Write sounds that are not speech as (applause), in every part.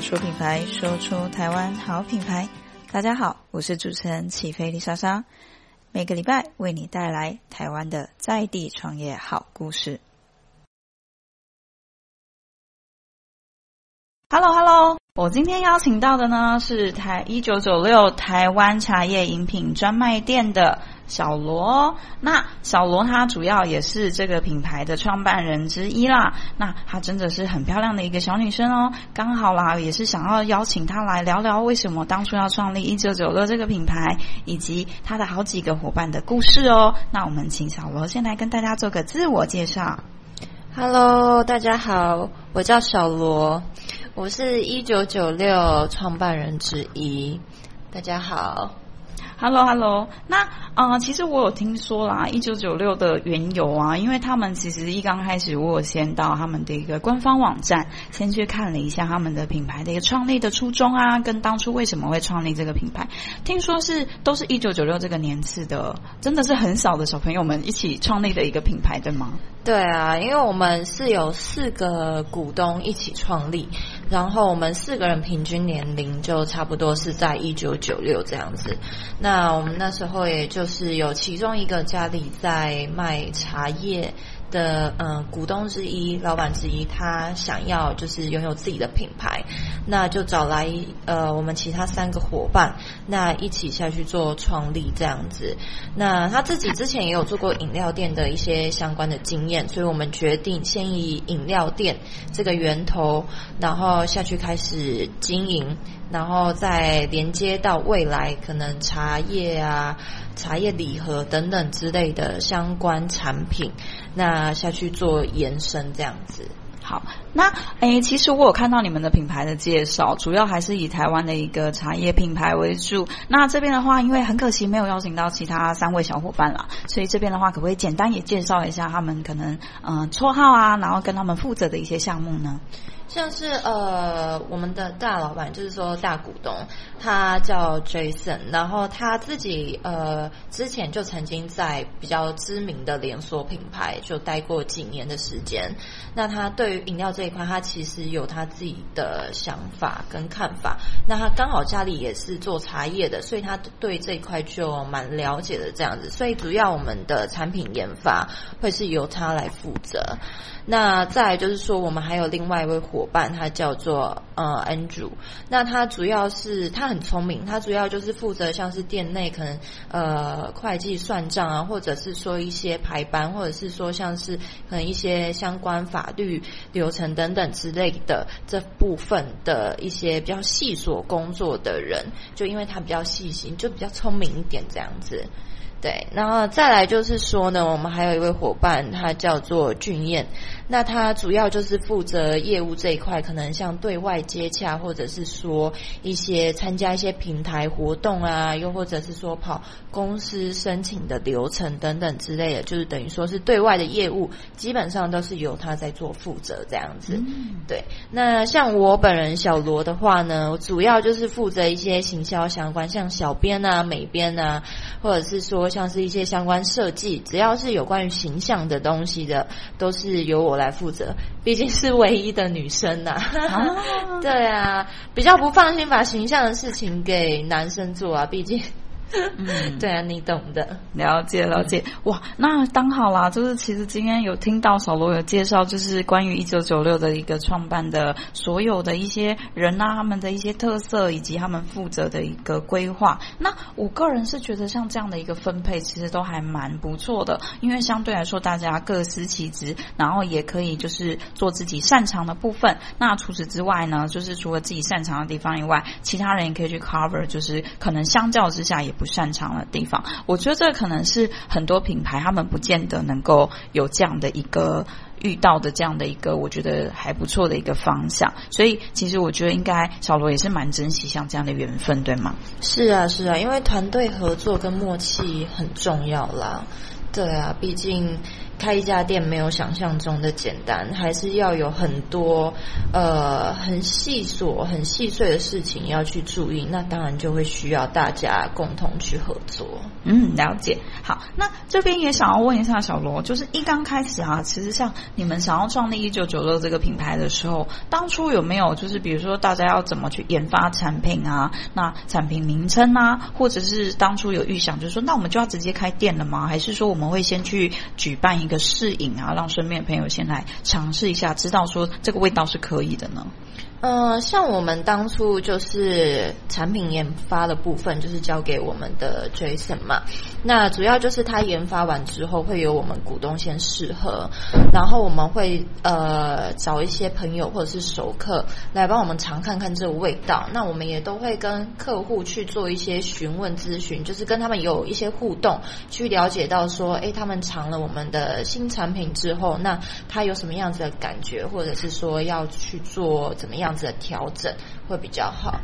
說品牌，說出台灣好品牌。大家好，我是主持人啟飛麗莎莎，每個禮拜為你帶來台灣的在地創業好故事。Hello Hello，我今天邀請到的呢是台一九九六台灣茶葉飲品專賣店的小羅。那小羅她主要也是這個品牌的創辦人之一啦。那她真的是很漂亮的一個小女生哦。剛好啦，也是想要邀請她來聊聊為什麼當初要創立一九九六這個品牌，以及她的好幾個夥伴的故事哦。那我們請小羅先來跟大家做個自我介紹。Hello，大家好，我叫小羅。我是一九九六創辦人之一，大家好，Hello Hello 那。那，呃，啊，其實我有聽說啦，一九九六的緣由啊，因為他們其實一剛開始，我有先到他們的一個官方網站，先去看了一下他們的品牌的一個創立的初衷啊，跟當初為什麼會創立這個品牌。聽說是都是一九九六這個年次的，真的是很小的小朋友們一起創立的一個品牌，對嗎？對啊，因為我們是有四個股東一起創立。然後我們四個人平均年齡就差不多是在一九九六這樣子，那我們那時候也就是有其中一個家裡在賣茶葉的嗯、呃，股東之一、老闆之一，他想要就是擁有自己的品牌，那就找來呃我們其他三個夥伴，那一起下去做創立這樣子。那他自己之前也有做過飲料店的一些相關的經驗，所以我們決定先以飲料店這個源頭，然後下去開始經營。然後再連接到未來可能茶葉啊、茶葉禮盒等等之類的相關產品，那下去做延伸這樣子。好，那誒、欸，其實我有看到你們的品牌的介紹，主要還是以台灣的一個茶葉品牌為主。那這邊的話，因為很可惜沒有邀請到其他三位小伙伴啦，所以這邊的話，可不可以簡單也介紹一下他們可能嗯、呃、綽號啊，然後跟他們負責的一些項目呢？像是呃，我們的大老闆就是說大股東，他叫 Jason，然後他自己呃，之前就曾經在比較知名的連鎖品牌就待過幾年的時間。那他對於飲料這一塊，他其實有他自己的想法跟看法。那他剛好家裡也是做茶葉的，所以他對這一塊就蠻了解的這樣子。所以主要我們的產品研發會是由他來負責。那再來就是說，我們還有另外一位夥伴，他叫做呃 Andrew，那他主要是他很聰明，他主要就是負責像是店內可能呃會計算賬啊，或者是說一些排班，或者是說像是可能一些相關法律流程等等之類的這部分的一些比較細瑣工作的人，就因為他比較細心，就比較聰明一點這樣子。對，然後再來就是說呢，我們還有一位伙伴，他叫做俊彥，那他主要就是負責業務這一塊，可能像對外接洽，或者是說一些參加一些平台活動啊，又或者是說跑公司申請的流程等等之類的，就是等於說是對外的業務，基本上都是由他在做負責這樣子。嗯，對，那像我本人小羅的話呢，我主要就是負責一些行銷相關，像小編啊、美編啊，或者是說，像是一些相關設計，只要是有關於形象的東西的，都是由我來負責。畢竟是唯一的女生吶、啊 (laughs) 啊，對啊，比較不放心把形象的事情給男生做啊，畢竟。 (laughs) 嗯，對啊，你懂的，了解了解。哇，那當好啦，就是其實今天有聽到小羅有介紹，就是關於一九九六的一個創辦的，所有的一些人啊，他們的一些特色，以及他們負責的一個規劃。那我個人是覺得，像這樣的一個分配，其實都還蠻不錯的，因為相對來說，大家各司其職，然後也可以就是做自己擅長的部分。那除此之外呢，就是除了自己擅長的地方以外，其他人也可以去 cover，就是可能相較之下也。不擅長的地方，我覺得這可能是很多品牌他們不見得能夠有這樣的一個遇到的這樣的一個，我覺得還不錯的一個方向。所以，其實我覺得應該小羅也是蠻珍惜像這樣的緣分，對嗎？是啊，是啊，因為團隊合作跟默契很重要啦。對啊，畢竟。開一家店沒有想象中的簡單，還是要有很多呃很細瑣、很細碎的事情要去注意。那當然就會需要大家共同去合作。嗯，了解。好，那這邊也想要問一下小羅，就是一剛開始啊，其實像你們想要創立一九九六這個品牌的時候，當初有沒有就是比如說大家要怎麼去研發產品啊？那產品名稱啊，或者是當初有預想，就是說那我們就要直接開店了嗎？還是說我們會先去舉辦一個一個試飲啊，讓身邊的朋友先來嘗試一下，知道說這個味道是可以的呢？嗯、呃，像我們當初就是產品研發的部分，就是交給我們的 Jason 嘛。那主要就是他研發完之後，會由我們股東先試喝，然後我們會呃找一些朋友或者是熟客來幫我們嘗看看這個味道。那我們也都會跟客戶去做一些詢問諮詢，就是跟他們有一些互動，去了解到說，哎，他們嘗了我們的新產品之後，那他有什麼樣子的感覺，或者是說要去做怎麼樣，這樣子的調整會比較好。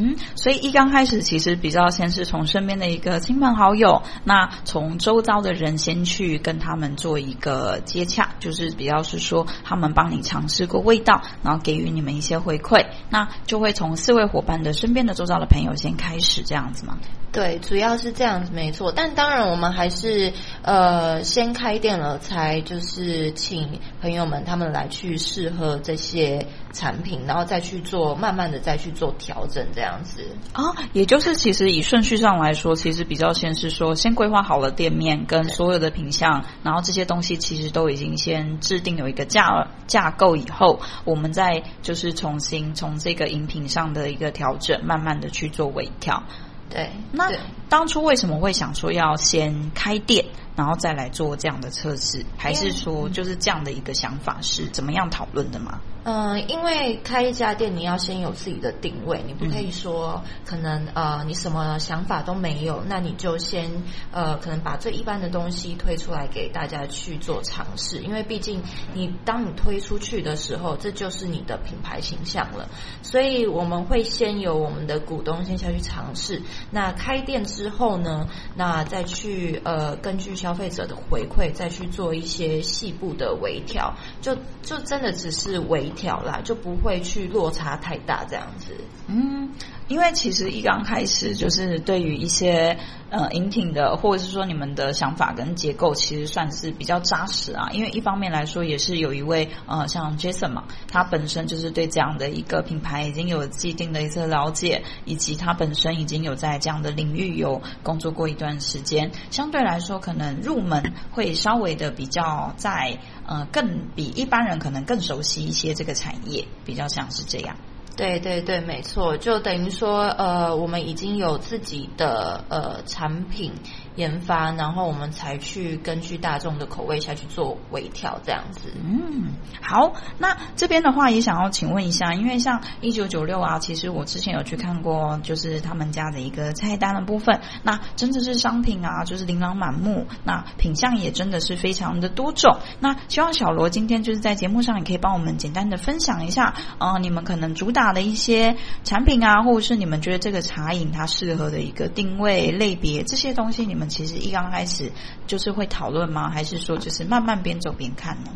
嗯，所以一剛開始其實比較先是從身邊的一個親朋好友，那從周遭的人先去跟他們做一個接洽，就是比較是說他們幫你嘗試過味道，然後給予你們一些回饋，那就會從四位夥伴的身邊的周遭的朋友先開始這樣子嘛？對，主要是這樣子沒錯。但當然我們還是呃先開店了，才就是請朋友們他們來去試喝這些產品，然後再去做慢慢的再去做調整這樣。這樣子啊、哦，也就是其實以順序上來說，其實比較先是說先規劃好了店面跟所有的品項，然後這些東西其實都已經先制定有一個架架構，以後我們再就是重新從這個飲品上的一個調整，慢慢的去做微調。對，那當初為什麼會想說要先開店？然後再來做這樣的測試，還是說就是這樣的一個想法是怎麼樣討論的嗎？嗯，因為開一家店，你要先有自己的定位，你不可以說可能呃你什麼想法都沒有，那你就先呃可能把最一般的東西推出來給大家去做嘗試，因為畢竟你當你推出去的時候，這就是你的品牌形象了。所以我們會先由我們的股東先下去嘗試，那開店之後呢，那再去呃根據小，消費者的回饋，再去做一些細部的微調，就就真的只是微調啦，就不會去落差太大這樣子，嗯。因為其實一剛開始，就是對於一些呃飲品的或者是說你們的想法跟結構其實算是比較紮實啊。因為一方面來說也是有一位呃像 Jason 嘛，他本身就是對這樣的一個品牌已經有既定的一些了解，以及他本身已經有在這樣的領域有工作過一段時間，相對來說可能入門會稍微的比較在呃更比一般人可能更熟悉一些這個產業，比較像是這樣。對對對，沒錯，就等於說，呃，我們已經有自己的呃產品研發，然後我們才去根據大眾的口味下去做微調，這樣子。嗯，好，那這邊的話也想要請問一下，因為像一九九六啊，其實我之前有去看過，就是他們家的一個菜單的部分，那真的是商品啊，就是琳琅滿目，那品項也真的是非常的多種。那希望小羅今天就是在節目上也可以幫我們簡單的分享一下，啊、呃、你們可能主打的一些產品啊，或者是你們覺得這個茶飲它適合的一個定位類別這些東西，你們。其實一剛開始就是會討論嗎？還是說就是慢慢邊走邊看呢？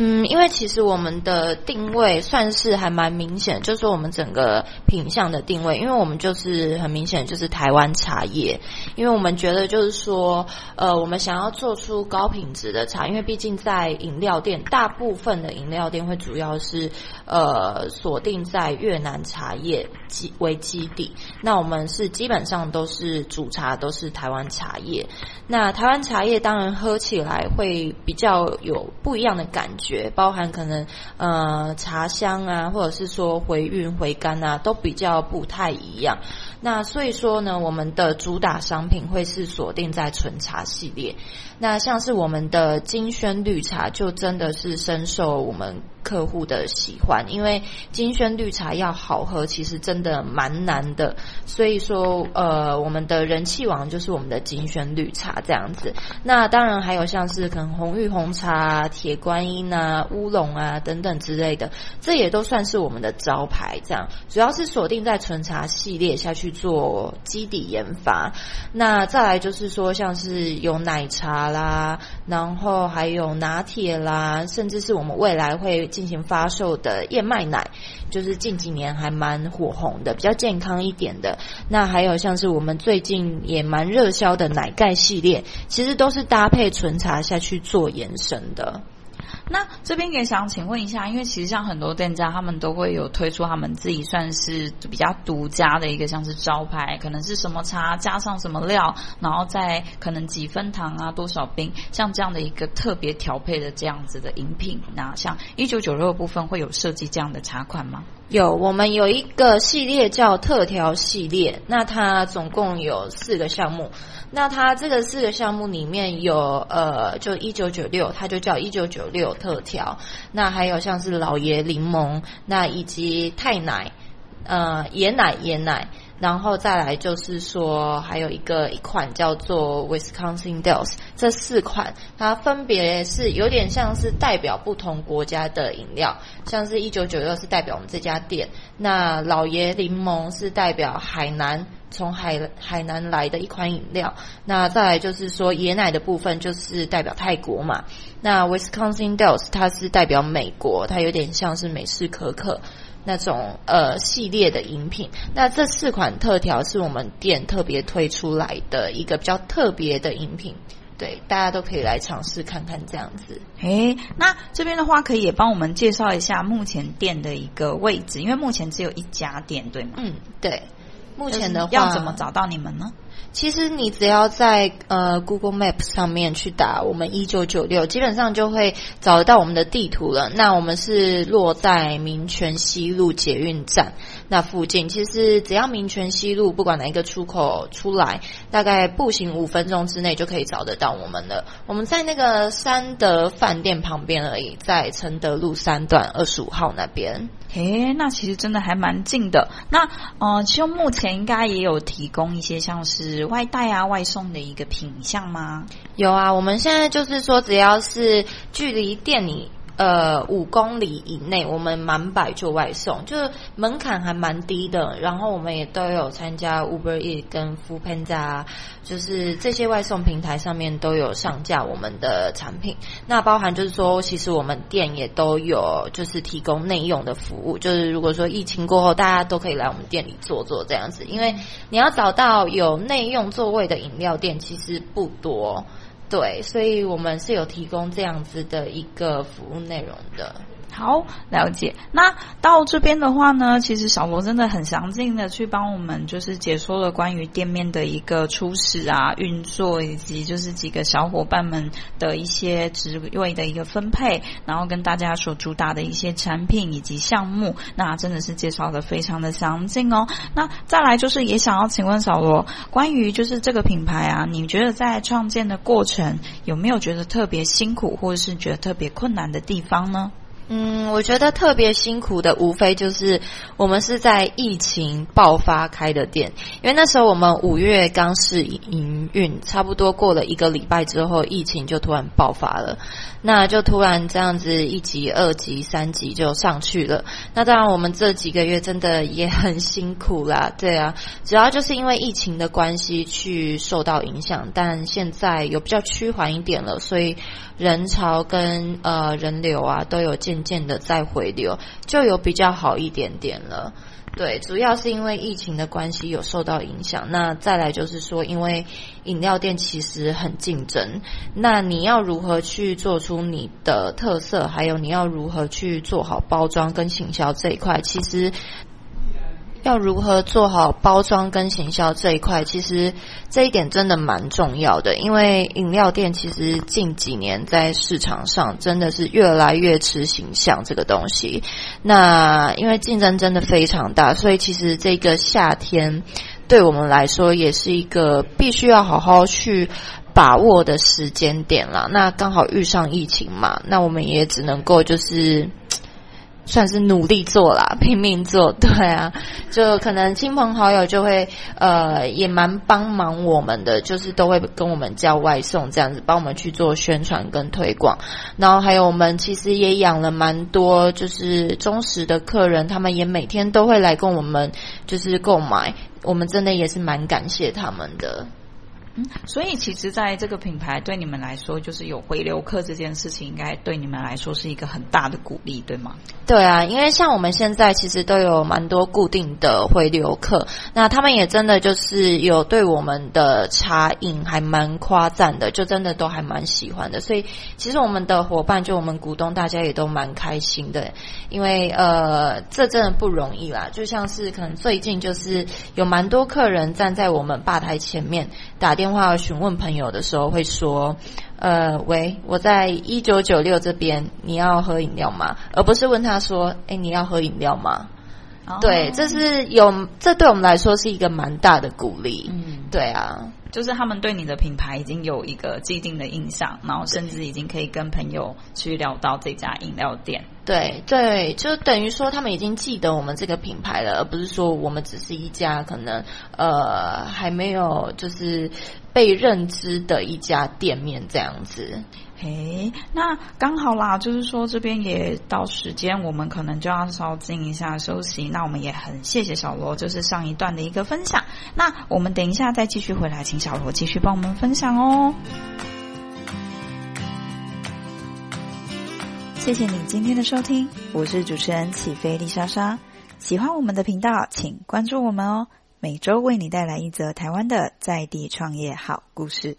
嗯，因為其實我們的定位算是還蠻明顯，就是說我們整個品項的定位，因為我們就是很明顯就是台灣茶葉，因為我們覺得就是說，呃，我們想要做出高品質的茶，因為畢竟在飲料店，大部分的飲料店會主要是呃鎖定在越南茶葉為基地，那我們是基本上都是煮茶都是台灣茶葉，那台灣茶葉當然喝起來會比較有不一樣的感覺。包含可能呃茶香啊，或者是說回韻回甘啊，都比較不太一樣。那所以說呢，我們的主打商品會是鎖定在純茶系列。那像是我們的金萱綠茶，就真的是深受我們客戶的喜歡，因為金萱綠茶要好喝，其實真的蠻難的。所以說，呃，我們的人氣王就是我們的金萱綠茶這樣子。那當然還有像是可能紅玉紅茶、鐵觀音啊、烏龍啊等等之類的，這也都算是我們的招牌。這樣主要是鎖定在純茶系列下去做基底研發。那再來就是說，像是有奶茶啦，然後還有拿鐵啦，甚至是我們未來會。進行發售的燕麥奶，就是近幾年還蠻火紅的，比較健康一點的。那還有像是我們最近也蠻熱銷的奶蓋系列，其實都是搭配純茶下去做延伸的。那這邊也想請問一下，因為其實像很多店家，他們都會有推出他們自己算是比較獨家的一個，像是招牌，可能是什麼茶加上什麼料，然後再可能幾分糖啊，多少冰，像這樣的一個特別調配的這樣子的飲品、啊，那像一九九六的部分會有設計這樣的茶款嗎？有，我們有一個系列叫特調系列，那它總共有四個項目，那它這個四個項目裡面有，呃，就一九九六，它就叫一九九六特調，那還有像是老爺檸檬，那以及泰奶，呃，椰奶椰奶。然後再來就是說，還有一個一款叫做 Wisconsin Dells，這四款它分別是有點像是代表不同國家的飲料，像是1996是代表我們這家店，那老椰檸檬是代表海南，從海海南來的一款飲料，那再來就是說椰奶的部分就是代表泰國嘛，那 Wisconsin Dells 它是代表美國，它有點像是美式可可。那種呃系列的飲品，那這四款特調是我們店特別推出來的一個比較特別的飲品，對，大家都可以來嘗試看看這樣子。誒，那這邊的話可以也幫我們介紹一下目前店的一個位置，因為目前只有一家店，對嗎？嗯，對，目前的話、就是、要怎麼找到你們呢？其實你只要在呃 Google Maps 上面去打我們一九九六，基本上就會找得到我們的地圖了。那我們是落在民權西路捷運站。那附近其實只要民權西路，不管哪一個出口出來，大概步行五分鐘之內就可以找得到我們了。我們在那個三德飯店旁邊而已，在承德路三段二十五號那邊。嘿，那其實真的還蠻近的。那嗯，呃，其實目前應該也有提供一些像是外帶啊、外送的一個品項嗎？有啊，我們現在就是說，只要是距離店裡。呃，五公里以內，我們滿百就外送，就是門檻還蠻低的。然後我們也都有參加 Uber Eats 跟 Foodpanda，就是這些外送平台上面都有上架我們的產品。那包含就是說，其實我們店也都有就是提供內用的服務。就是如果說疫情過後，大家都可以來我們店裡坐坐這樣子，因為你要找到有內用座位的飲料店其實不多。對，所以我們是有提供這樣子的一個服務內容的。好，了解。那到這邊的話呢，其實小羅真的很詳盡的去幫我們就是解說了關於店面的一個初始啊運作，以及就是幾個小伙伴們的一些職位的一個分配，然後跟大家所主打的一些產品以及項目，那真的是介紹的非常的詳盡哦。那再來就是也想要請問小羅，關於就是這個品牌啊，你覺得在創建的過程有沒有覺得特別辛苦，或者是覺得特別困難的地方呢？嗯，我覺得特別辛苦的，無非就是我們是在疫情爆發開的店，因為那時候我們五月剛試營運，差不多過了一個禮拜之後，疫情就突然爆發了，那就突然這樣子一級、二級、三級就上去了。那當然，我們這幾個月真的也很辛苦啦，對啊，主要就是因為疫情的關係去受到影響，但現在有比較趨緩一點了，所以。人潮跟呃人流啊，都有漸漸的在回流，就有比較好一點點了。對，主要是因為疫情的關係有受到影響。那再來就是說，因為飲料店其實很競爭，那你要如何去做出你的特色，還有你要如何去做好包裝跟行銷這一塊，其實。要如何做好包裝跟行銷這一塊，其實這一點真的蠻重要的，因為飲料店其實近幾年在市場上真的是越來越吃形象這個東西。那因為競爭真的非常大，所以其實這個夏天對我們來說也是一個必須要好好去把握的時間點啦。那剛好遇上疫情嘛，那我們也只能夠就是。算是努力做啦，拼命做，對啊，就可能親朋好友就會，呃，也蠻幫忙我們的，就是都會跟我們叫外送這樣子，幫我們去做宣傳跟推廣。然後還有我們其實也養了蠻多就是忠實的客人，他們也每天都會來跟我們就是購買，我們真的也是蠻感謝他們的。所以，其實，在這個品牌對你們來說，就是有回流客這件事情，應該對你們來說是一個很大的鼓勵，對嗎？對啊，因為像我們現在其實都有蠻多固定的回流客，那他們也真的就是有對我們的茶飲還蠻誇讚的，就真的都還蠻喜歡的。所以，其實我們的夥伴就我們股東，大家也都蠻開心的，因為呃，這真的不容易啦。就像是可能最近就是有蠻多客人站在我們吧台前面打電話。電話詢問朋友的時候會說：“呃，喂，我在一九九六這邊，你要喝飲料嗎？”而不是問他說：“哎，你要喝飲料嗎？”哦。對，這是有，這對我們來說是一個蠻大的鼓勵。嗯，對啊，就是他們對你的品牌已經有一個既定的印象，然後甚至已經可以跟朋友去聊到這家飲料店。對對，就等於說他們已經記得我們這個品牌了，而不是說我們只是一家可能呃還沒有就是被認知的一家店面這樣子。嘿，那剛好啦，就是說這邊也到時間，我們可能就要稍靜一下休息。那我們也很謝謝小羅，就是上一段的一個分享。那我們等一下再繼續回來，請小羅繼續幫我們分享哦。謝謝你今天的收聽，我是主持人起飛麗莎莎。喜歡我們的頻道，請關注我們哦，每周為你帶來一則台灣的在地創業好故事。